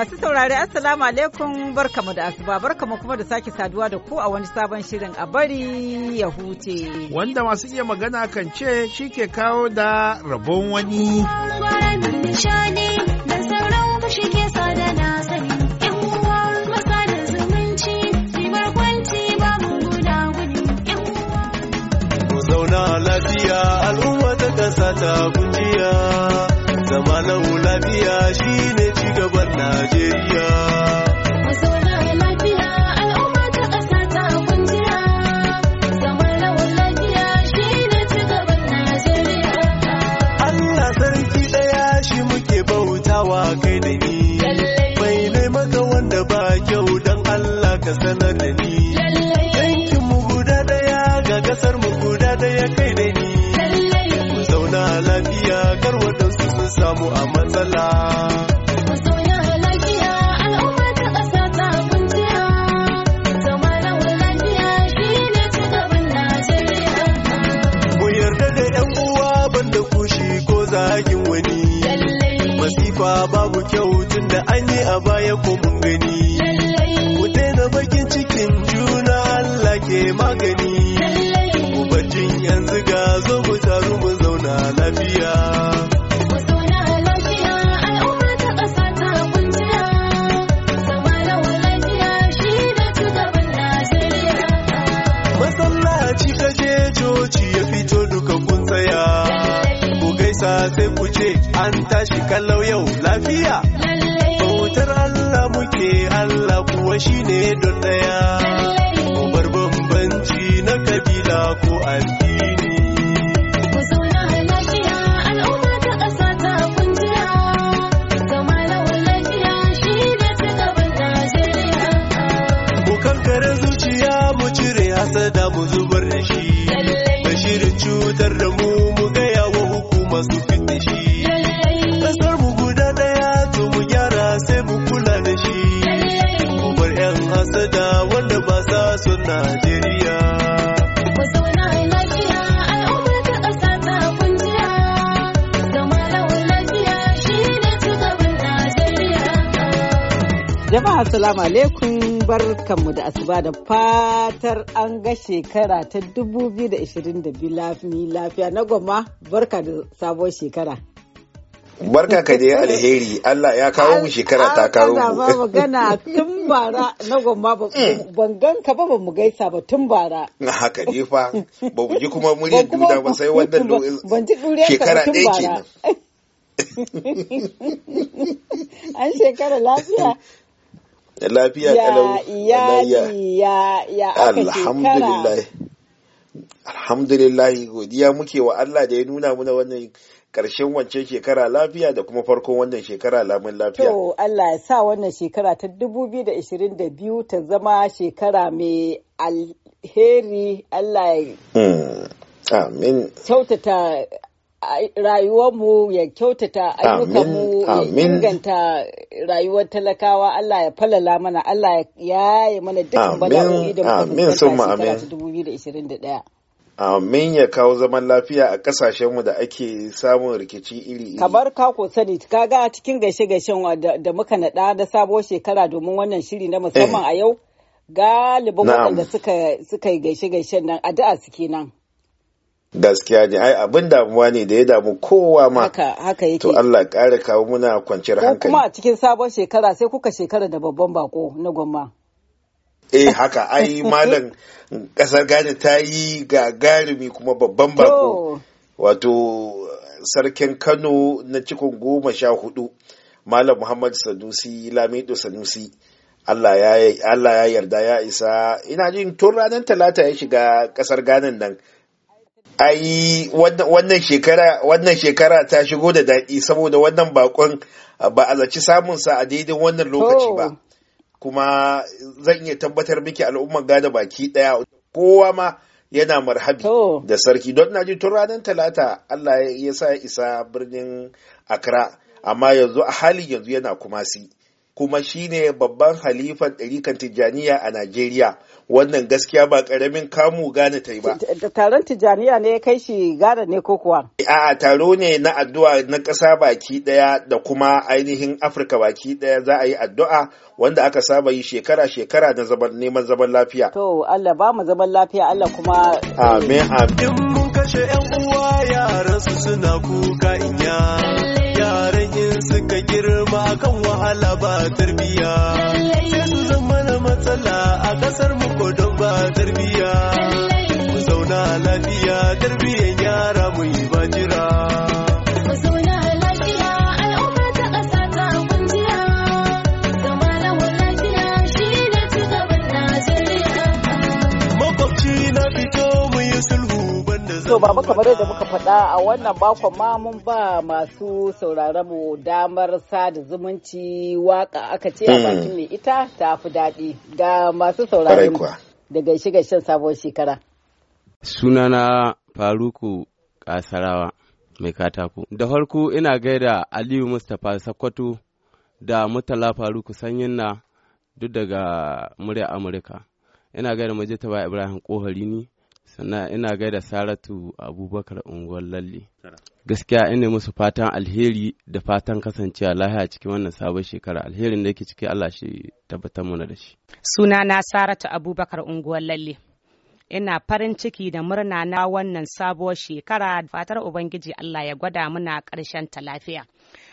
Masu saurari Assalamu alaikum barkamu da asuba barkamu kuma da sake saduwa da ku a wani sabon shirin a bari ya huce. Wanda masu iya magana kan ce shi ke kawo da rabon wani. Zauna lafiya al'umma ta kasa ta kujiya, lafiya shi ne. Najeriya. ke magani ubangin yanzu ga zo mu taru mu zauna lafiya Masallaci ka je coci ya fito duka kun tsaya ku gaisa sai ku ce an tashi kallau yau lafiya bautar Allah muke Allah kuwa shine don ɗaya. ko addini ku zauna lafiya al'umma ta ƙasa ta kunjira zama lawan lafiya shi ne ta gaban Najeriya ku kankare zuciya mu cire hasada mu zubar Assalamu alaikum barkanmu da asuba da fatar an ga shekara ta 2022 lafiya na goma barka da sabon shekara. Barka ka dai alheri Allah ya kawo mu shekara ta karo mu. ba magana tun bara na goma eh. ban gan ka ba mu gaisa ba tun bara. Na haka ne fa ba ji kuma muryar duda ba sai wannan shekara ɗaya kenan. An shekara lafiya. lafiya kalau ya ya ya alhamdulillah alhamdulillah godiya muke wa Allah da ya nuna muna wannan karshen wancan shekara lafiya da kuma farkon wannan shekara lamun lafiya. To Allah ya sa wannan shekara ta 2022 ta zama shekara mai alheri Allah ya hmm. Amin. Kyautata rayuwarmu ya kyautata ayyukanmu ya inganta rayuwar talakawa Allah ya falala mana Allah ya yi mana dukkan bala'o'i da muka fuskanta shekara 2021 Amin ya kawo zaman lafiya a kasashenmu da ake samun rikici iri-iri. Kamar kako sani, kaga a cikin gaishe-gaishen da muka naɗa na sabuwar shekara domin wannan shiri na musamman eh. a yau, galibin waɗanda suka yi gaishe-gaishen nan addu'a suke nan. gaskiya ne ai abin damuwa ne da ya damu kowa ma haka haka yake to Allah ƙara kawo muna kwanciyar hankali kuma a cikin sabon shekara sai kuka shekara da babban bako na gwamma eh haka ai malam kasar Ghana ta yi gagarumi kuma babban bako wato sarkin Kano na cikin goma sha hudu malam Muhammad Sanusi Lamido Sanusi Allah ya yarda ya isa ina jin tun ranar talata ya shiga kasar Ghana nan Ayi, wannan shekara wannan shekara ta shigo da daɗi saboda wannan bakon ah, ba a zaci samun sa a daidai wannan lokaci ba oh. kuma zan iya tabbatar miki al'ummar gada baki daya kowa ma yana marhabi oh. da sarki don na ji tun ranar talata Allah ya sa isa birnin Accra amma yanzu a halin yanzu yana kumasi kuma shine babban halifan ɗarikan tijjaniya a Najeriya. Wannan gaskiya ba ƙaramin kamu gane ta yi ba. Taron tijjaniya ne ya kai shi gane ne ko kuwa? A'a taro ne na addu'a na ƙasa baki ɗaya da kuma ainihin Afirka baki ɗaya za a yi addu'a wanda aka saba yi shekara-shekara na neman zaman lafiya. To Allah ba mu zaman lafiya Allah kuma. Amin amin. kashe yan uwa yaran su suna kuka inya yaran in suka girma kan wahala ba tarbiya sai su zama na matsala a kasar mu ko don ba tarbiya ku zauna lafiya tarbiyan yara mu yi baba kamar yadda muka faɗa a wannan bakon ma mun ba masu sauraron mu damar sada zumunci waka aka ce a hmm. bakin mai ita ta fi daɗi ga masu sauraron mu da gaishe gaishen sabuwar shekara. Sunana Faruku Kasarawa mai katako. Da farko ina gaida Aliyu Mustapha Sakkwato da Murtala Faruku Sanyin na duk daga murya Amurka. Ina gaida Majitaba Ibrahim Kohari ne. sannan ina gaida saratu abubakar unguwar lalle gaskiya ina musu fatan alheri da fatan kasancewa lahiya cikin wannan sabon shekara alherin da yake ciki allah shi tabbatar mana da shi suna na saratu abubakar unguwar lalle ina farin ciki da murna na wannan sabuwar shekara fatar ubangiji allah ya gwada muna karshen ta lafiya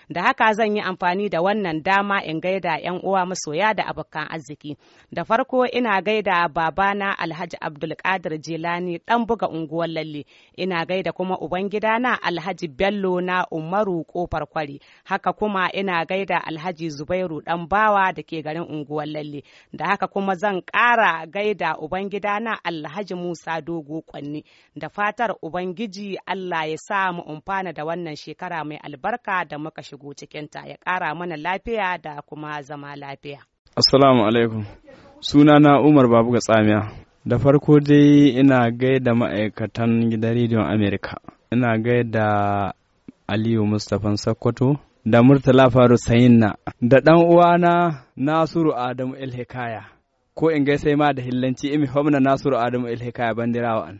Da haka zan yi amfani da wannan dama in gaida 'yan uwa masoya da abokan arziki. Da farko ina gaida babana Alhaji Abdulkadir Jilani dan buga unguwar lalle. Ina gaida kuma Ubangidana Alhaji Bello na Umaru kofar kwari. Haka kuma ina gaida Alhaji Zubairu dan bawa da ke garin unguwar lalle. Da haka kuma zan kara gaida Ubangidana Alhaji Musa Dogo Kwanni. Da fatar Ubangiji Allah ya sa mu umfana da wannan shekara mai albarka da muka shi shigo cikinta ya ƙara mana lafiya da kuma zama lafiya. Assalamu alaikum. Sunana Umar Babu ga tsamiya. Da farko dai ina gaida ma'aikatan gidan rediyon Amerika. Ina gaida Aliyu Mustapha Sakkwato da Murtala Faru Sayinna da ɗan uwana Nasiru Adamu Ilhikaya. Ko in gaisa ma da hillanci imi homna Nasiru Adamu Ilhikaya bandirawa an.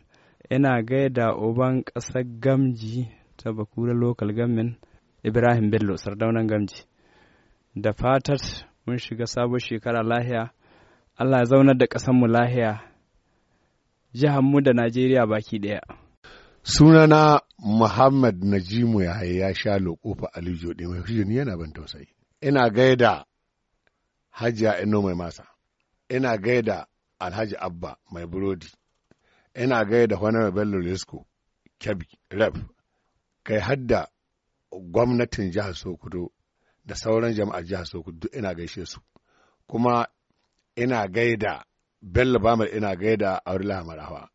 Ina gaida uban ƙasar Gamji ta Bakura Local Government ibrahim bello sardaunan gamji da fatar mun shiga sabon shekara lahiya allah ya zaunar da ƙasanmu lahiya mu da najeriya baki ɗaya sunana muhammad najimu yahaya ya sha lokofa Ali ɗin mai hujjani yana ban tausayi ina gaida hajiya ino mai masa ina gaida alhaji abba mai burodi ina gaida honorable bello lesko kyabi rep kai hadda gwamnatin jihar Sokoto da sauran jama'ar jihar Sokoto duk ina gaishe su kuma ina gaida Bello Bamar ina gaida Aurila Marafa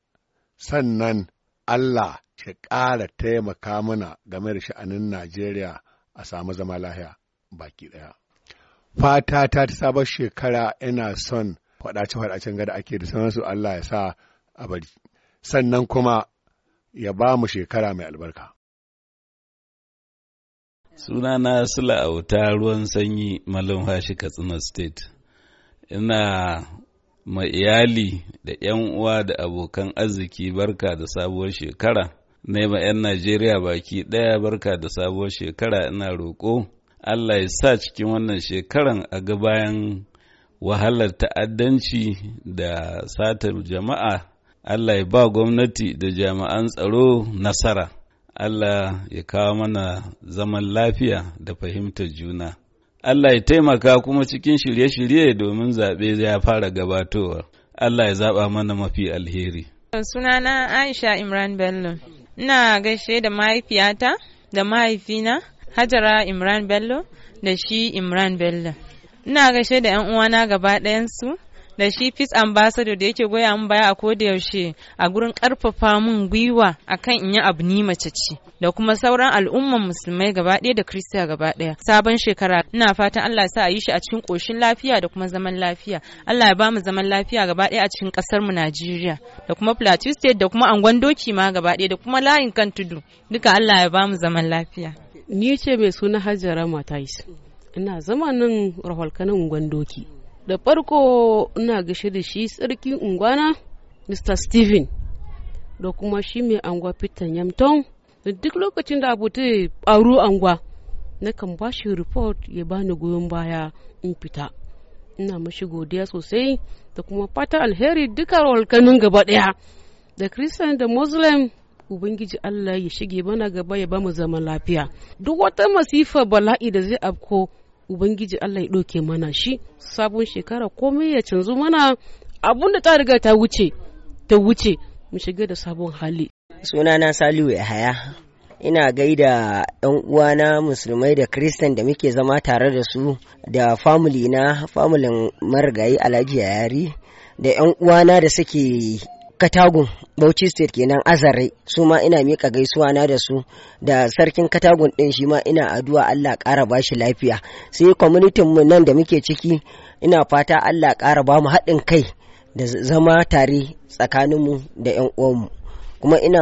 sannan Allah shi ƙara taimaka mana game da sha'anin Najeriya a samu zama lahiya baki ɗaya. Fata ta ta sabon shekara ina son faɗace-faɗacen gada ake da sanansu Allah ya sa a bari, sannan kuma ya ba mu shekara mai albarka. Sunana Sula Auta ruwan sanyi malumfashi Katsina State. Ina ma iyali da 'yan uwa da abokan arziki barka da sabuwar shekara. Na yi 'yan Najeriya baki ɗaya barka da sabuwar shekara ina roƙo. Allah ya sa cikin wannan shekaran a ga bayan wahalar ta'addanci da satar jama'a, Allah ya ba gwamnati da jami'an tsaro nasara. Allah ya kawo mana zaman lafiya da fahimtar juna. Allah ya taimaka kuma cikin shirye-shirye domin zaɓe ya fara gabatowa. Allah ya zaɓa mana mafi alheri. Sunana Aisha Imran Bello. Ina gaishe da mahaifiyata da mahaifina Hajara Imran Bello da shi Imran Bello. Ina gaishe da 'yan uwana gaba ɗayansu da shi peace ambassador da yake goya mun baya a koda yaushe a gurin karfafa mun gwiwa akan in yi abu ni mace ce da kuma sauran al'umman musulmai gaba ɗaya da kristiya gaba ɗaya sabon shekara ina fatan Allah sa a yi shi a cikin koshin lafiya da kuma zaman lafiya Allah ya ba mu zaman lafiya gaba ɗaya a cikin kasar mu Najeriya da kuma Plateau State da kuma Angon Doki ma gaba ɗaya da kuma layin kan tudu duka Allah ya ba mu zaman lafiya ni ce mai suna Hajara Matais ina zamanin raholkanin doki da farko ina gashi da shi tsarki ungwana mr steven da kuma shi mai angwa peter yamton da duk lokacin da abu ta faru angwa nakan ba shi report ya bani goyon baya in fita ina mashi godiya sosai da kuma fata alheri duka walkanin gaba daya da christian da muslim ubangiji allah ya shige mana gaba ya bamu zaman lafiya duk wata masifa bala'i da zai afko ubangiji allah ya ɗauke mana shi sabon shekara komai ya canzu mana abun da ta riga ta wuce ta wuce mu shiga da sabon hali sunana saliu haya ina gaida yan uwana musulmai da kristan da muke zama tare da su da famili na famulin marigayi alhaji yari da yan uwana da suke katagun bauchi state kenan azare su ma ina mika gaisuwa na da su da sarkin katagun ɗin shi ma ina addu'a allah ƙara ba shi lafiya sai kwamitin mu nan da muke ciki ina fata allah ƙara ba mu haɗin kai da zama tare tsakaninmu da 'yan uwanmu kuma ina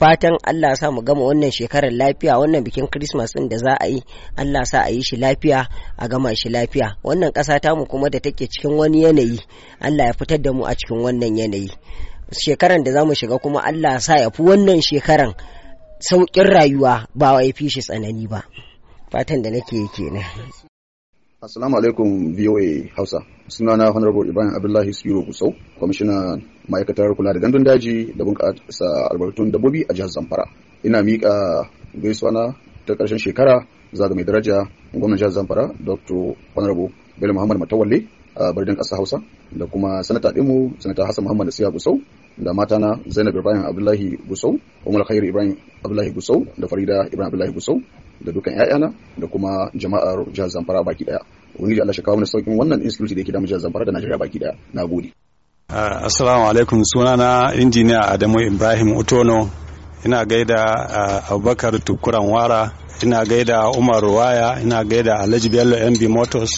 fatan Allah sa mu gama wannan shekarar lafiya wannan bikin Christmas din da za a yi Allah sa a yi shi lafiya a gama shi lafiya wannan ƙasa ta mu kuma da take cikin wani yanayi Allah ya fitar da mu a cikin wannan yanayi shekaran da za mu shiga kuma Allah sa ya fi wannan shekaran sauƙin rayuwa ba wa fi shi tsanani ba fatan da nake kenan Assalamu alaikum VOA Hausa sunana Honorable Ibrahim Abdullahi Siro Gusau kwamishina ma'aikatar kula da gandun daji da bunƙasa albarkatun dabbobi a jihar Zamfara ina miƙa gaisuwa na ta ƙarshen shekara zaga mai daraja gwamnan jihar Zamfara Dr. Honorable Bello Muhammad Matawalle birnin ƙasar Hausa da kuma sanata ɗinmu sanata Hassan Muhammad siya Gusau da matana Zainab Ibrahim Abdullahi Gusau, Umar Khairu Ibrahim Abdullahi Gusau da Farida Ibrahim Abdullahi Gusau da dukan ƴaƴana da kuma jama'ar jihar Zamfara baki daya. Ubangiji Allah shi kawo mana saukin wannan insecurity da yake damu jihar Zamfara da Najeriya baki daya. gode. Ah, assalamu alaikum na injiniya Adamu Ibrahim Utono ina gaida ah, Abubakar Tukuran Wara ina gaida Umar Waya ina gaida Alhaji Bello MB Motors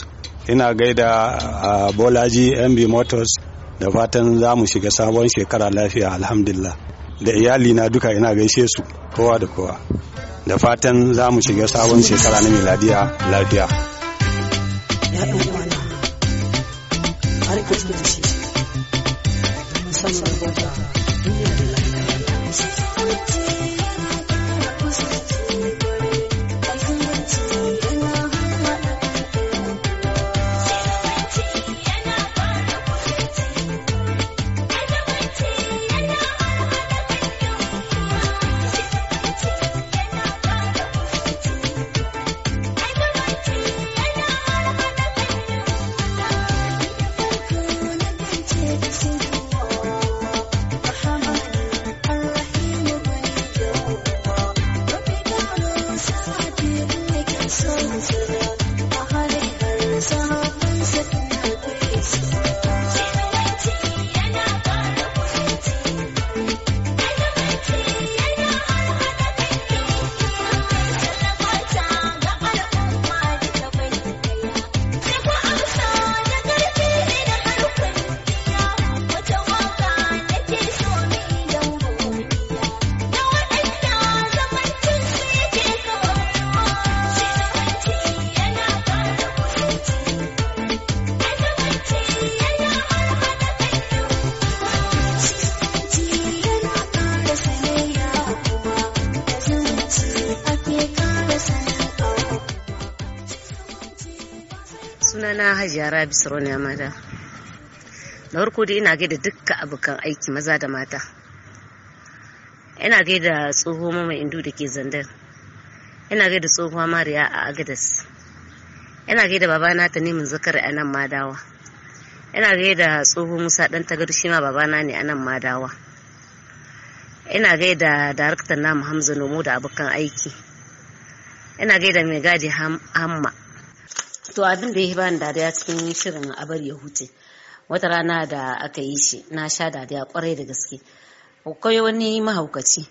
ina gaida a uh, bolaji mb motors da fatan za mu shiga sabon shekara lafiya alhamdulillah da iyali na duka ina gaishe su kowa da kowa da fatan za mu shiga sabon shekara na miladiya lafiya gyara Rabi Saroniya Mada. Na farko dai ina gaida dukkan abokan aiki maza da mata. Ina gaida tsoho mama indu da ke zandar. Ina gaida tsohuwa Mariya a Agadas. Ina gaida babana ta nemin zakar a nan madawa. Ina gaida tsoho Musa ɗan tagar shi ma babana ne a nan madawa. Ina gaida daraktan na Hamza Nomo da abokan aiki. Ina gaida mai gadi Hamma. to abin da ya ba bani dariya cikin shirin a bari ya huce wata rana da aka yi shi na sha dariya kwarai da gaske akwai wani mahaukaci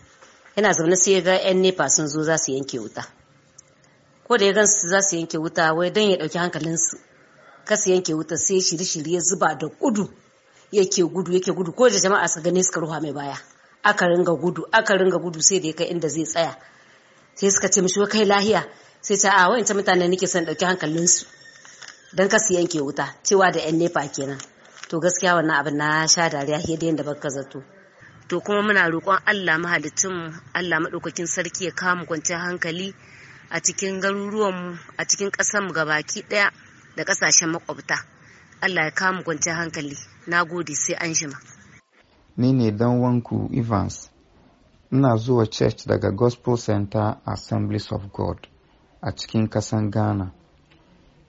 yana zaune sai ga yan nepa sun zo za su yanke wuta ko da ya gansu za su yanke wuta wai don ya dauki hankalinsu su yanke wuta sai shiri-shiri ya zuba da gudu yake gudu yake gudu ko da jama'a su gane suka ruwa mai baya aka ringa gudu aka ringa gudu sai da ya kai inda zai tsaya sai suka ce mishi kai lahiya sai ta a ah, wayanta mutane nake son dauki hankalin su dan kasu yanke wuta cewa da yan nepa kenan to gaskiya wannan abin na sha dariya he da yanda baka zato to kuma muna roƙon Allah mahalicin Allah madaukakin sarki ya kawo mu kwanciyar hankali a cikin garuruwan mu a cikin ƙasar mu gabaki daya da ƙasashen makwabta Allah ya kama mu kwanciyar hankali nagode sai an jima ni ne dan wanku Evans ina zuwa church daga gospel center assemblies of god a cikin kasan Ghana.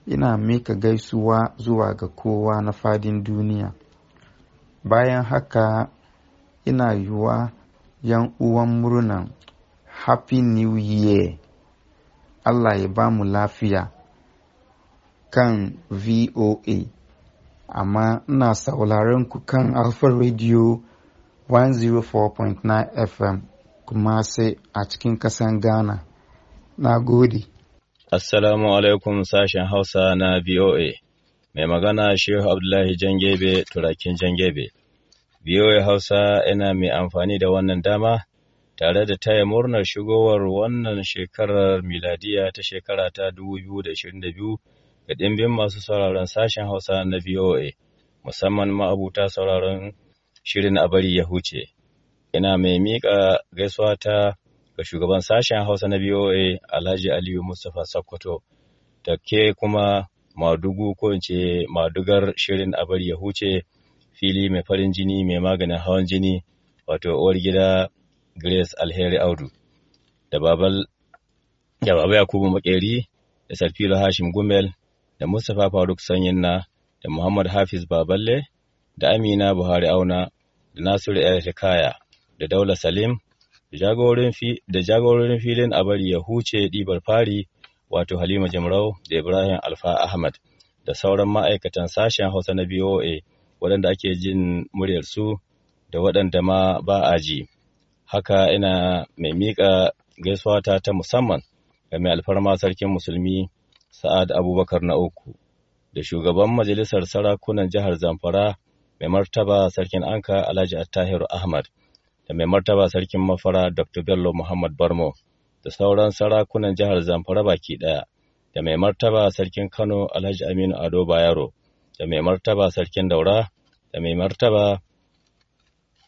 Ina mika gaisuwa zuwa ga kowa na fadin duniya. Bayan haka ina yiwa yan uwan murnan Happy New Year! Allah ya ba mu lafiya kan VOA, amma ina sauraron ku kan Alpha Radio 104.9 FM kuma sai a cikin kasan Ghana. Na gode. Assalamu alaikum sashen Hausa na VOA. Mai magana Shehu Abdullahi Jangebe turakin Jangebe. VOA Hausa yana mai amfani da wannan dama tare da taya murnar shigowar wannan shekarar miladiya ta shekara ta 2022 ga ɗimbin masu sauraron sashen Hausa na VOA, musamman ma'abuta sauraron shirin a bari ya huce. Ina mai miƙa gaisuwa ta ga shugaban sashen Hausa na BOA Alhaji Aliyu Mustapha Sokoto, da ke kuma madugu ko in ce madugar shirin a bari ya huce fili mai farin jini mai maganin hawan jini wato uwar gida Grace Alheri Audu da babal baba Yakubu Makeri da Sarfilo Hashim Gumel da Mustapha Faruk Sanyinna da Muhammad Hafiz Baballe da Amina Buhari Auna da Nasiru El da Daula Salim da jagororin filin a bari ya huce ɗibar fari wato halima jimrau da ibrahim alfa ahmad da sauran ma'aikatan sashen hausa na boa waɗanda ake jin muryarsu da waɗanda ma ba a ji haka ina mai miƙa gaisuwa ta ta musamman ga mai alfarma sarkin musulmi sa'ad abubakar na uku da shugaban majalisar sarakunan jihar zamfara mai martaba sarkin anka alhaji attahiru ahmad da mai martaba sarkin mafara Dr. Bello Muhammad Barmo da sauran sarakunan jihar Zamfara baki ɗaya da mai martaba sarkin Kano Alhaji Aminu Ado Bayero da mai martaba sarkin Daura da mai martaba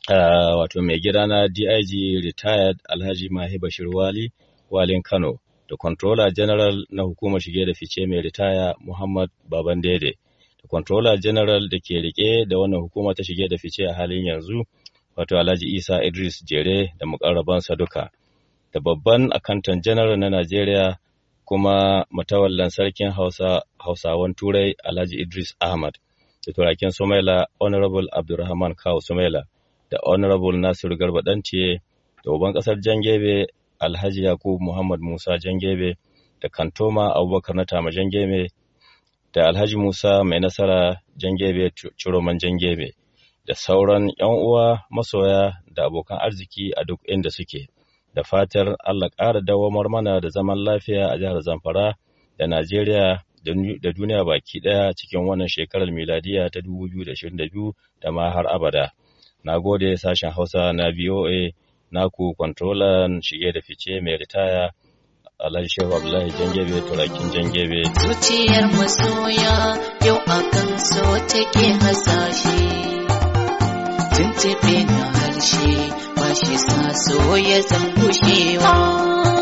wato mai gidana DIG retired Alhaji Mahi Bashir Wali Walin Kano da Controller General na hukumar shige da fice mai ritaya Muhammad Babandede da Controller General da ke rike da wannan hukuma ta shige da fice a halin yanzu wato Alhaji Isa Idris Jere da mukarrabansa duka da babban akantan Janaral na Najeriya kuma matawallan sarkin Hausa Hausawan Turai Alhaji Idris Ahmad da turakin Sumaila Honorable Abdulrahman Kawo Sumaila da Honorable Nasiru Garba Dantiye da uban kasar Jangebe Alhaji Yakubu Muhammad Musa Jangebe da Kantoma Abubakar na Tama Jangebe da Alhaji Musa Mai Nasara Jangebe Ciroman Jangebe da sauran 'yan uwa masoya da abokan arziki a duk inda suke. Da fatar Allah ƙara dawamar mana da zaman lafiya a jihar Zamfara da Najeriya da duniya baki ɗaya cikin wannan shekarar miladiya ta 2022 da ma har abada. Na gode sashen Hausa na VOA naku kwantrolan shige da fice mai ritaya Alhaji Shehu Abdullahi Jangebe Turakin Jangebe. Zuciyar masoya yau akan so take hasashe. 真正别难心，欢喜啥事也从不希望。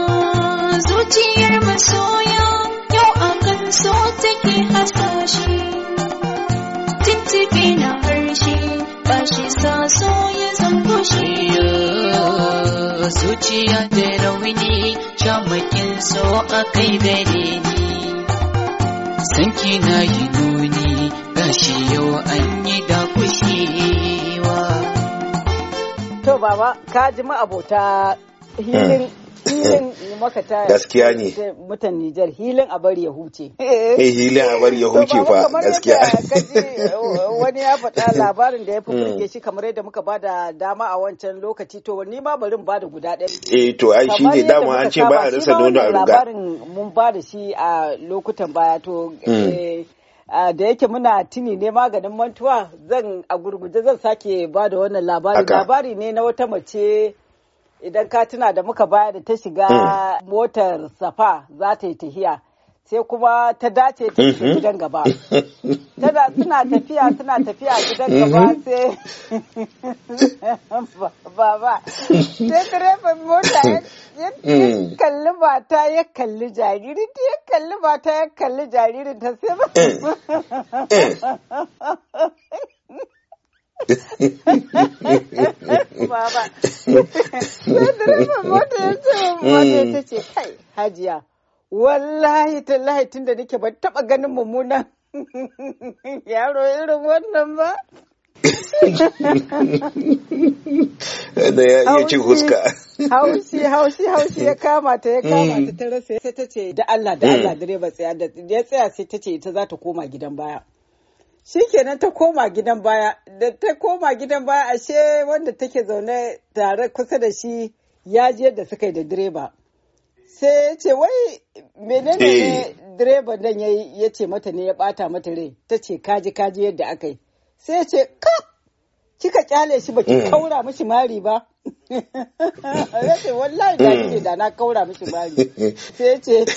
ka ji ma'abota hilin hilin maka gaskiya ne mutan Nijar hilin a bari ya huce eh hilin a bari ya huce fa gaskiya wani ya faɗa labarin da ya fi hmm. burge shi kamar yadda muka ba da dama a wancan lokaci to ni ma bari ba da guda ɗaya eh to ai shi ne dama an ce ba a rasa nono a ruga labarin mun ba da shi a lokutan baya to hmm. eh, da yake muna tuni ne maganin mantuwa zan a gurguje zan sake ba da wannan labari labari ne na wata mace idan ka tuna da muka baya da ta shiga mm. motar safa za ta yi tahiya sai kuma ta dace ta shiga mm-hmm. gidan gaba. Tana suna tafiya suna tafiya gidan gaba mm-hmm. sai baba sai direban mota ya mm. kalli mata ya kalli jariri ya kalli mata ya kalli jaririn ta sai ba. Mm. Baba, mm. sai direban mota ya ce mota ta ce kai hajiya. wallahi tallahi tun da nake ban taba ganin mummunan yaro irin wannan ba da ya iya huska haushi haushi haushi ya kama ta ya hmm. kama ta ta rasa sai ta ce da Allah da Allah hmm. direba tsaya da ya tsaya sai ta ce ita za ta koma gidan baya shikenan ta koma gidan baya da ta koma gidan baya ashe wanda take zaune tare kusa da shi ya je da suka yi da direba sai ya ce wai menene eh. ne direban nan ya ce mata ne ya bata mata rai ta ce kaji kaji yadda aka yi sai ya ce ka kika kyale shi baki mm. kaura mishi mari ba ya ce wallahi da mm. ce da na kaura mishi mari sai ya ce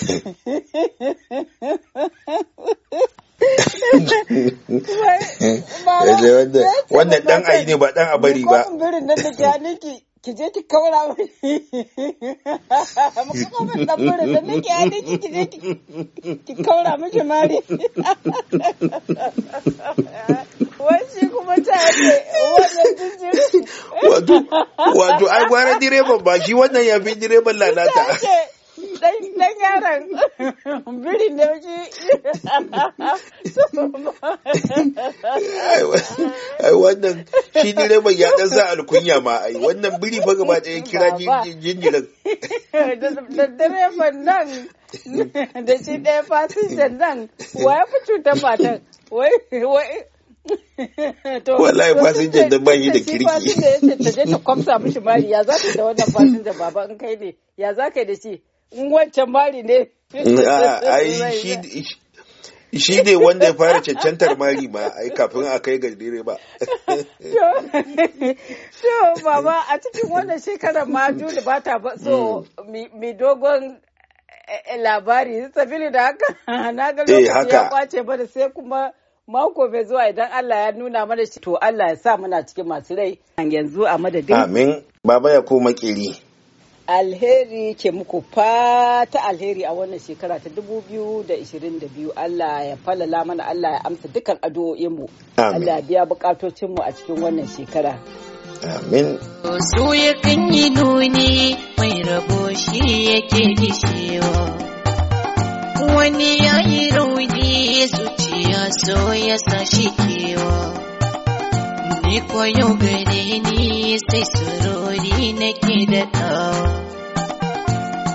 wannan dan ayi ne ba dan a bari ba birin nan da ke ki je ki kaura mu kuma da mura da nake ya nake ki je ki kaura mu mari wai kuma ta yake wato ai gwara direban ba shi wannan ya fi direban lalata dan yaran biri da wuce ai wannan shi direban ya dan sa alkunya ma wannan biri fa gaba ɗaya kira jinjirin da direban nan da shi ɗaya fasinjan nan wa ya fi wai wallahi fasinjan da yi da kirki ya ta je ta kwamsa ya za ka da wannan fasinjan baba in kai ne ya za da shi wancan mari ne mm, shi dai wanda ya fara cancantar mari ma ai kafin a kai gajere ba to baba a cikin wannan shekarar ma Juli ba ta so mm. mi dogon eh, eh, labari sabili da haka na ga eh, lokaci ya kwace ba da sai kuma mako bai zuwa idan Allah ya nuna mana shi to Allah ya sa muna cikin masu rai yanzu a madadin amin baba ya koma kiri alheri ke muku fata alheri a wannan shekara ta 2022 Allah ya falala mana Allah ya amsa dukkan addu'o'inmu Allah ya biya bukatocinmu a cikin wannan shekara amin su ya kanyi nuni mai rabo shi yake dishewa wani ya yi rauni zuciya so ya sa shi ke ni koyo gare ni sai surori nake da tawa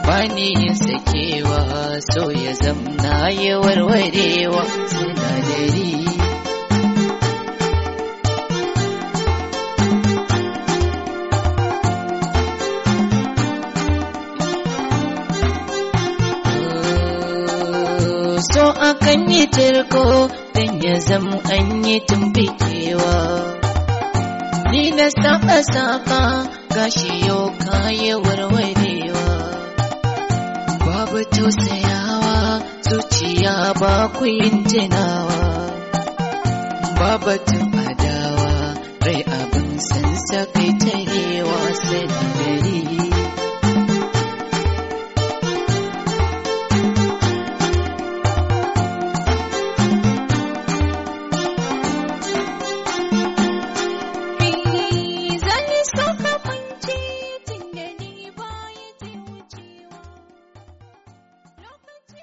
bani yin sakewa so ya zamna ya warwarewa sinadari so akan yi tarko don ya zama an yi tumfikewa ni na saba saba gashi yau kaye warwarewa babu tausayawa zuciya ba ku yin jinawa babu adawa rai abin san sakai tarewa sai gari